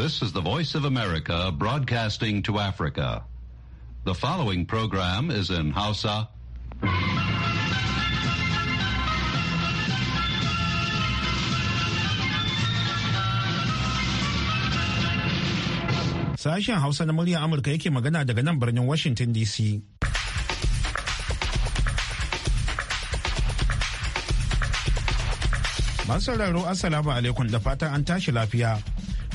This is the Voice of America broadcasting to Africa. The following program is in Hausa. Sashen Hausa na muryar Amurka yake magana daga nan birnin Washington DC. Masu sauraro Assalamu alaikum da fatan an tashi lafiya.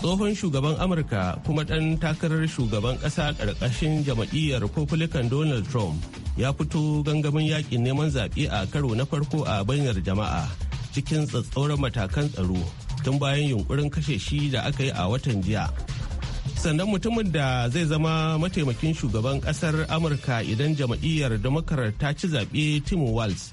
tsohon shugaban amurka kuma ɗan takarar shugaban ƙasa ƙarƙashin jam'iyyar republican donald trump ya fito gangamin yakin neman zaɓe a karo na farko a bayyar jama'a cikin tsatsauran matakan tsaro tun bayan yunkurin kashe shi da aka yi a watan jiya sannan mutumin da zai zama mataimakin shugaban ƙasar amurka idan jam'iyyar democrat ta ci zaɓe tim walz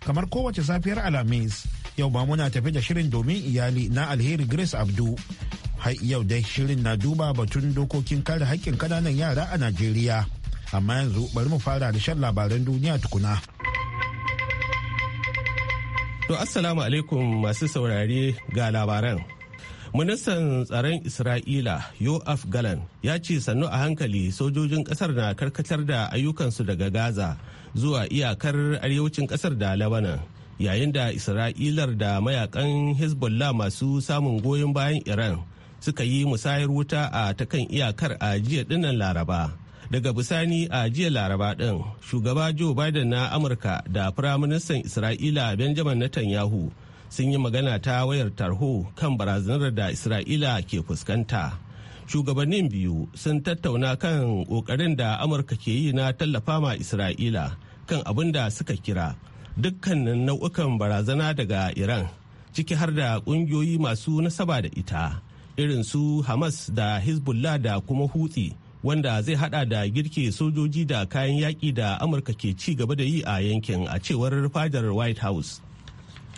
kamar kowace safiyar alhamis yau ba muna tafi da shirin domin iyali na alheri grace abdu har yau dai shirin na duba batun dokokin kare haƙƙin kananan yara a najeriya amma yanzu bari mu fara da shan labaran duniya tukuna to assalamu alaikum masu saurare ga labaran ministan tsaron isra'ila yoaf galan ya ce sannu a hankali sojojin kasar na karkatar da ayyukansu daga gaza zuwa iyakar arewacin kasar da lebanon yayin da isra'ilar da mayakan hezbollah masu samun goyon bayan iran suka yi musayar wuta a ta kan iyakar a jiya dinnan laraba daga bisani a jiya laraba din shugaba joe biden na amurka da firaministan isra'ila benjamin netanyahu sun yi magana ta wayar tarho kan barazanar da isra'ila ke fuskanta shugabannin biyu sun tattauna kan ƙoƙarin da amurka ke yi na tallafa ma isra'ila kan abin da suka kira dukkanin nau'ukan barazana daga iran ciki har da ƙungiyoyi masu nasaba da ita irin su hamas da hezbollah da kuma hutsi wanda zai hada da girke sojoji da kayan yaƙi da amurka ke ci gaba da yi a yankin a cewar fadar white house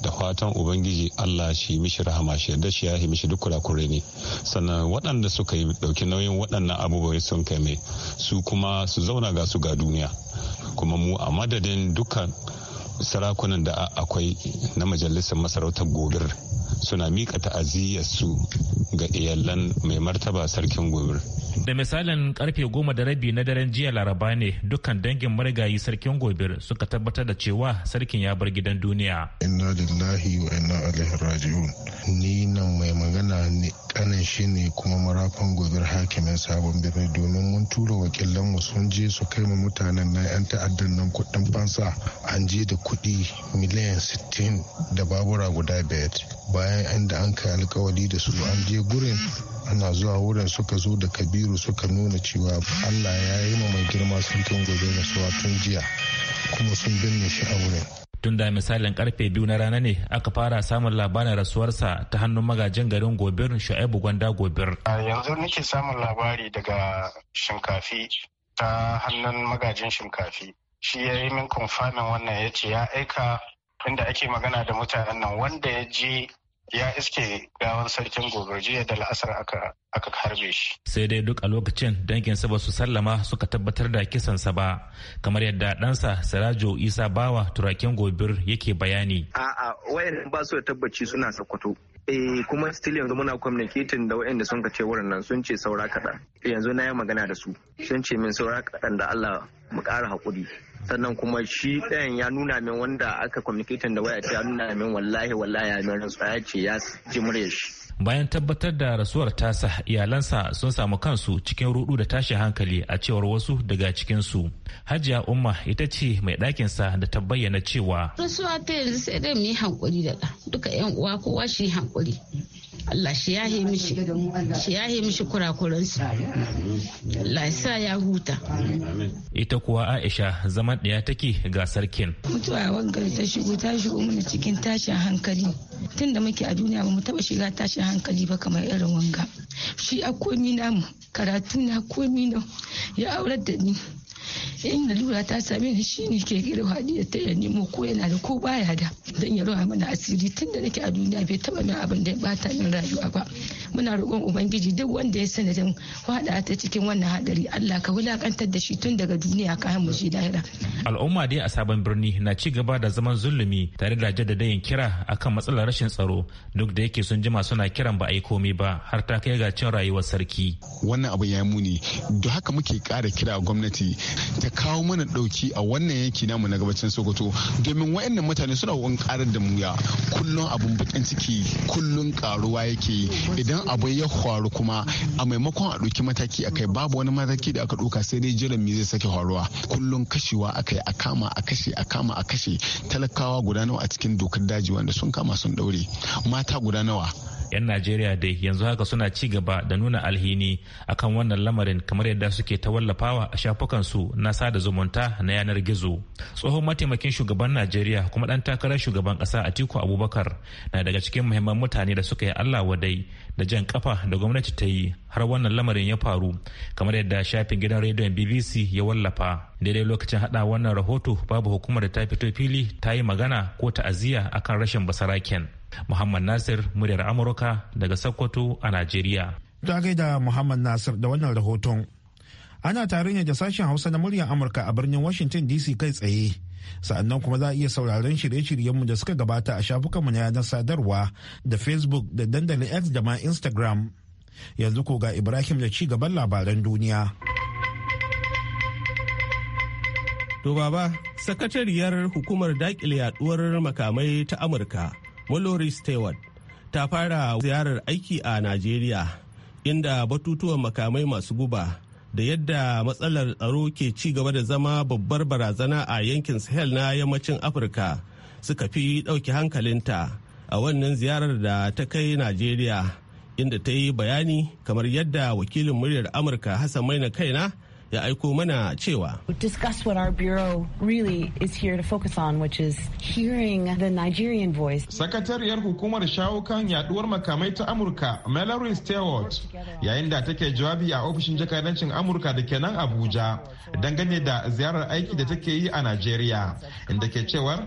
da fatan ubangiji allah shi mishi rahama shi da shi ya yi mishi duk kurakure ne sannan waɗanda suka yi ɗauki nauyin waɗannan abubuwa sun kai su kuma su zauna ga su ga duniya kuma mu a madadin dukkan sarakunan da akwai na majalisar masarautar gobir suna mika su ga iyalan mai martaba sarkin gobir da misalin karfe goma da rabi na daren jiya laraba ne dukkan dangin marigayi sarkin gobir suka tabbatar da cewa sarkin ya bar gidan duniya inna lillahi wa inna ilaihi raji'un ni nan mai magana ne kanin shi ne kuma marafan gobir hakimin sabon birni domin mun tura wakilan mu sun je su kai mu mutanen na yan ta'addan nan kuɗin fansa an je da kuɗi miliyan 60 da babura guda biyar bayan inda an kai alkawari da su an je gurin ana zuwa wurin suka zo da kabiru suka nuna cewa allah ya yi ma mai girma sarkin gobe na suwa tun jiya kuma sun binne shi a wurin tun da misalin karfe biyu na rana ne aka fara samun labarin rasuwarsa ta hannun magajin garin gobir shu'aibu gwanda gobir yanzu nake samun labari daga shinkafi ta hannun magajin shinkafi shi ya yi min kumfanin wannan ya ce ya aika inda ake magana da mutanen nan wanda ya je ya iske gawan sarkin gobe jiya da la'asar aka harbe shi. Sai dai duk a lokacin danginsa ba su sallama suka tabbatar da kisansa ba kamar yadda ɗansa Sirajo Isa Bawa turaken gobir yake bayani. A'a wayan ba su da tabbaci suna sakwato. Eh kuma still yanzu muna communicating da wayanda sun ce wurin nan sun ce saura kaɗan. Yanzu na yi magana da su. Sun ce min saura kaɗan da Allah mu ƙara haƙuri. sannan kuma shi ɗayan ya nuna min wanda aka communicating da waya ya nuna min wallahi wallahi ya min rantsuwa ya ce ya ji shi bayan tabbatar da rasuwar tasa iyalansa sun samu kansu cikin rudu da tashin hankali a cewar wasu daga cikinsu hajiya umma ita ce mai sa da ta bayyana cewa rasuwa ta yanzu sai dai mu yi hankuri da duka yan uwa kowa shi hankuri Allah shi yi mishi shi ya yi mishi kurakuransu Allah ya sa ya huta ita kuwa Aisha zaman ɗaya take ga sarkin mutuwa wangar ta shigo ta shigo mana cikin tashin hankali tun da muke a duniya ba mu taɓa shiga tashin hankali ba kamar irin wanga shi a komi namu karatu na komi na ya aurar da ni in lura ta same ni shine ke gida hadiya ta ya nemo ko yana da ko baya da dan ya rawa mana asiri tunda nake a duniya bai taba min abin da ya bata min rayuwa ba muna roƙon ubangiji duk wanda ya sanadin hada ta cikin wannan hadari Allah ka wulakantar da shi tun daga duniya ka mu shi lahira al'umma dai a sabon birni na ci gaba da zaman zulumi tare da jaddadayin kira akan matsalar rashin tsaro duk da yake sun jima suna kiran ba a yi komai ba har ta kai ga cin rayuwar sarki wannan abu ya muni don haka muke kara kira gwamnati ta kawo mana dauki a wannan yanki namu na gabacin sokoto domin wayannan mutane suna wani karar da muya kullum abun bakin ciki kullun karuwa yake idan abu ya faru kuma a maimakon a dauki mataki akai babu wani mataki da aka dauka sai dai jiran me zai sake faruwa kullum kashewa akai a kama a kashe a kama a kashe talakawa guda nawa a cikin dokar daji wanda sun kama sun daure mata guda nawa 'yan najeriya dai yanzu haka suna ci gaba da nuna alhini akan wannan lamarin kamar yadda suke ta wallafawa a shafukansu na sada zumunta na yanar gizo tsohon mataimakin shugaban najeriya kuma dan takarar shugaban kasa atiku abubakar na daga cikin muhimman mutane da suka yi allah wadai da jan kafa da gwamnati ta yi har wannan lamarin ya faru kamar yadda shafin gidan rediyon bbc ya wallafa daidai lokacin hada wannan rahoto babu hukumar da ta fito fili ta yi magana ko ta'aziyya akan rashin basaraken muhammad nasir muryar amurka daga sokoto a najeriya da muhammad nasir da wannan rahoton ana tare ne da sashen hausa na muryar amurka a birnin washington dc kai tsaye sa'annan kuma za a iya sauraron shirye-shiryenmu da suka gabata a shafukanmu na yanar sadarwa da facebook da dandalin x da ma instagram yanzu ko ga ibrahim da ci gaban labaran duniya to baba sakatariyar hukumar dakile yaduwar makamai ta amurka mallory stewart ta fara ziyarar aiki a najeriya inda batutuwan makamai masu guba da yadda matsalar tsaro ke ci gaba da zama babbar barazana a yankin sahel na yammacin afirka suka fi ɗauki hankalinta a wannan ziyarar da ta kai najeriya inda ta yi bayani kamar yadda wakilin muryar amurka hassan na kaina ya aiko mana cewa discuss what our is here focus on which is the Nigerian voice sakatariyar hukumar shawo kan yaduwar makamai ta Amurka Mallory Stewart yayin da take jawabi a ofishin jakadancin Amurka da kenan Abuja dangane da ziyarar aiki da take yi a nigeria inda ke cewar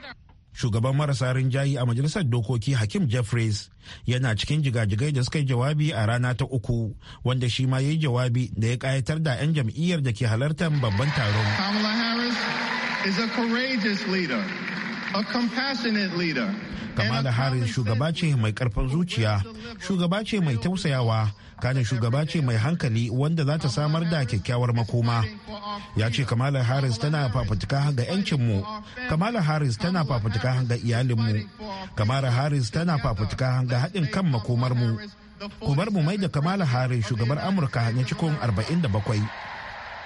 shugaban marasa rinjayi a majalisar dokoki hakim jeffries yana cikin jigajigai da suka yi jawabi a rana ta uku wanda shi ma ya yi jawabi da ya kayatar da 'yan jam'iyyar da ke halartar babban taron Kamala Harris shugaba ce mai karfin zuciya, shugaba ce mai tausayawa, kanin shugaba ce mai hankali wanda za ta samar da kyakkyawar makoma. Ya ce Kamala Harris tana fafutuka ga 'yancinmu, Kamala Harris tana fafutuka ga iyalinmu, Kamala Harris tana fafutuka ga haɗin kan makomarmu. Ku mu mai da Kamala Harris shugabar Amurka na cikin 47.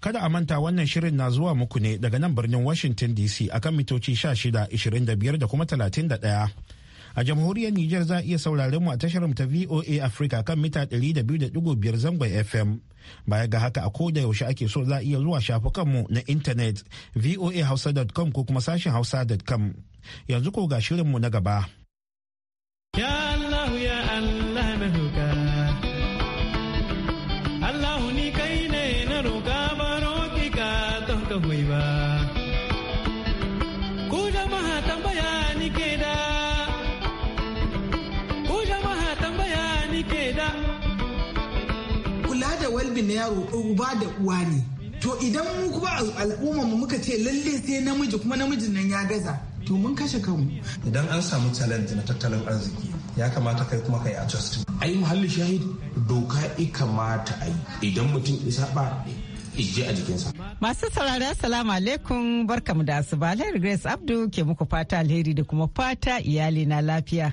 Kada a manta wannan shirin na zuwa muku ne daga nan birnin Washington DC akan mitoci 16, 25 da kuma 31. a jamhuriyar Nijar za iya sauraren mu a tashar ta VOA Africa kan mita 200.5 zangon FM. Baya ga haka a koda yaushe ake so za a iya zuwa shafukan mu na intanet voahausa.com ko kuma sashen hausa.com. Yanzu ko ga shirin mu na gaba. uba da uwa ne to idan mu kuma al'umma mu muka ce lalle sai namiji kuma namijin nan ya gaza to mun kashe kanmu idan an samu challenge na tattalin arziki ya kamata kai kuma kai adjust ai muhalli shahid doka i kamata ai idan mutum isa ba ije a jikinsa masu saurara salamu alaikum barkamu da asuba alheri grace abdu ke muku fata alheri da kuma fata iyali na lafiya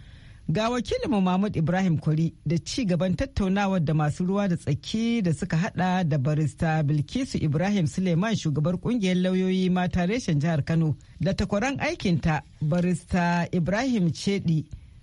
Ga wakilinmu Mahmud Ibrahim Kuri da ci gaban tattaunawar da masu ruwa da tsaki da suka hada da barista Bilkisu Ibrahim Suleiman shugabar kungiyar lauyoyi mata reshen jihar Kano da takwaran aikinta barista Ibrahim Chedi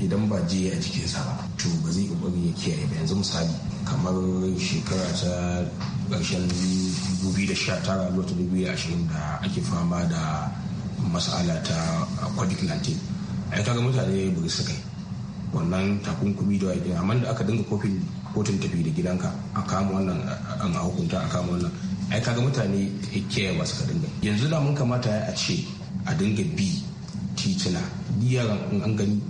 idan ba je a jikinsa ba to ba zai kokari ya kiyaye ba yanzu misali kamar shekara ta ƙarshen 2019 zuwa 2020 da ake fama da mas'ala ta covid-19 ai kaga mutane ba su kai wannan takunkumi da wajen amma da aka dinga kofin kotun tafi da gidanka a kama wannan an a hukunta a kama wannan ai kaga mutane kiyaye ba su ka dinga yanzu da mun kamata a ce a dinga bi titina yaran an gani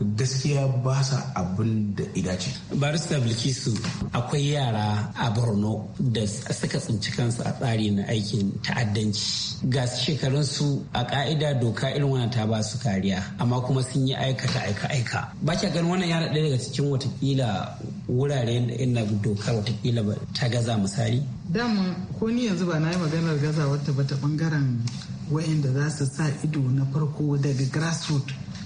gaskiya ba sa abin da dace. barista bilkisu akwai yara a borno da suka tsinci kansu a tsari na aikin ta'addanci ga shekarunsu a ka'ida doka irin wannan ta ba su kariya amma kuma sun yi aikata aika aika ba ki ganin wannan yara ɗaya daga cikin watakila wurare da ina doka watakila ta gaza misali dama ko ni yanzu ba na yi maganar gaza wata bata bangaren wa'inda za su sa ido na farko daga grassroots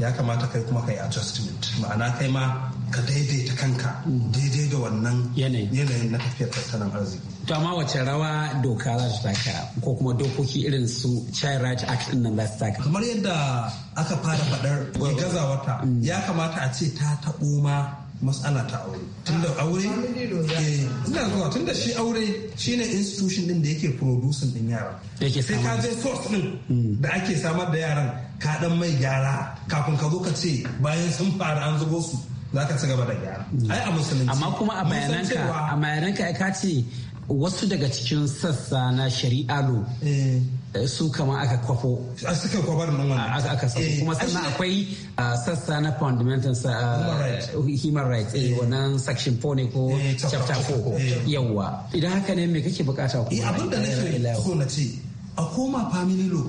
ya kamata kai kuma kai adjustment ma'ana kai ma ka daidaita kanka daidai da wannan yanayin na tafiyar tattalin arziki to amma wace rawa doka za su taka ko kuma dokoki irin su child right act din nan za su taka kamar yadda aka fara fadar gaza wata. ya kamata a ce ta taɓo ma matsala ta aure tunda aure eh, ina zuwa tunda shi aure shine institution din da yake producing din yara sai ka je source din mm. da ake samar da yaran ka dan mai gyara kafin ka zo ka ce bayan sun fara an zubo su za ka ci gaba da gyara ai a musulunci amma kuma a bayananka a bayananka ka kace wasu daga cikin sassa na shari'a lo eh. Eh, su kama aka kwafo a suka kwabar nan wannan aka aka sako eh. kuma sannan akwai ah, sassa na fundamental ah, human rights eh wannan section 4 ne ko chapter 4 yawa idan haka ne me kake bukata ku abin da nake so na ce a koma family law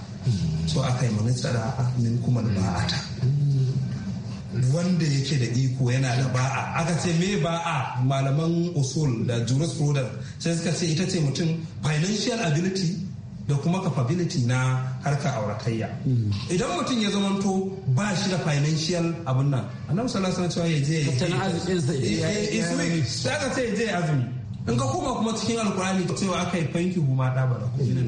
so aka yi manitsara min kuma ba'ata wanda yake da iko yana da ba'a aka ce me ba'a malaman usul da jurisprudence sai suka ce ita ce mutum financial ability da kuma capability na harka auratayya idan mutum ya zamanto ba shi da financial abin nan annabi sallallahu alaihi wasallam ya je ya sai aka ce ya je azumi in ka koma kuma cikin alkurani cewa aka yi fanki huma da ba da kuma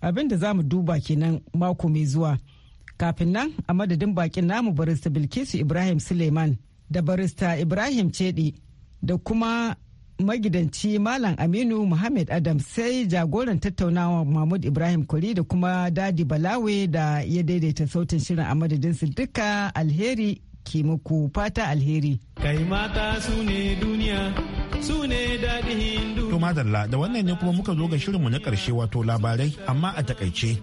abin da za mu duba kenan mako mai zuwa kafin nan a madadin bakin namu barista bilkisu ibrahim suleiman da barista ibrahim cedi da kuma magidanci malam aminu muhammad adam sai jagoran tattaunawa mahmud ibrahim kuri da kuma dadi balawe da ya daidaita sautin shirin a madadinsu duka alheri kimuku muku fata alheri kai mata su ne duniya su ne daɗin hindu. To madalla da wannan ne kuma muka zo ga shirinmu na ƙarshe wato labarai amma a takaice.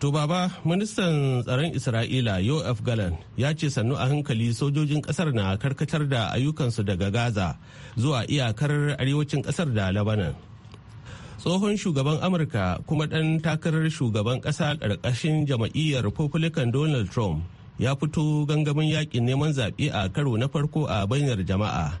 To baba ministan tsaron Isra'ila Yoav Galan ya ce sannu a hankali sojojin ƙasar na karkatar da ayyukansu daga Gaza zuwa iyakar arewacin ƙasar da Lebanon. Tsohon shugaban Amurka kuma ɗan takarar shugaban ƙasa ƙarƙashin jama'iyyar Republican Donald Trump ya fito gangamin yaƙin neman zaɓe a karo na farko a bayyanar jama'a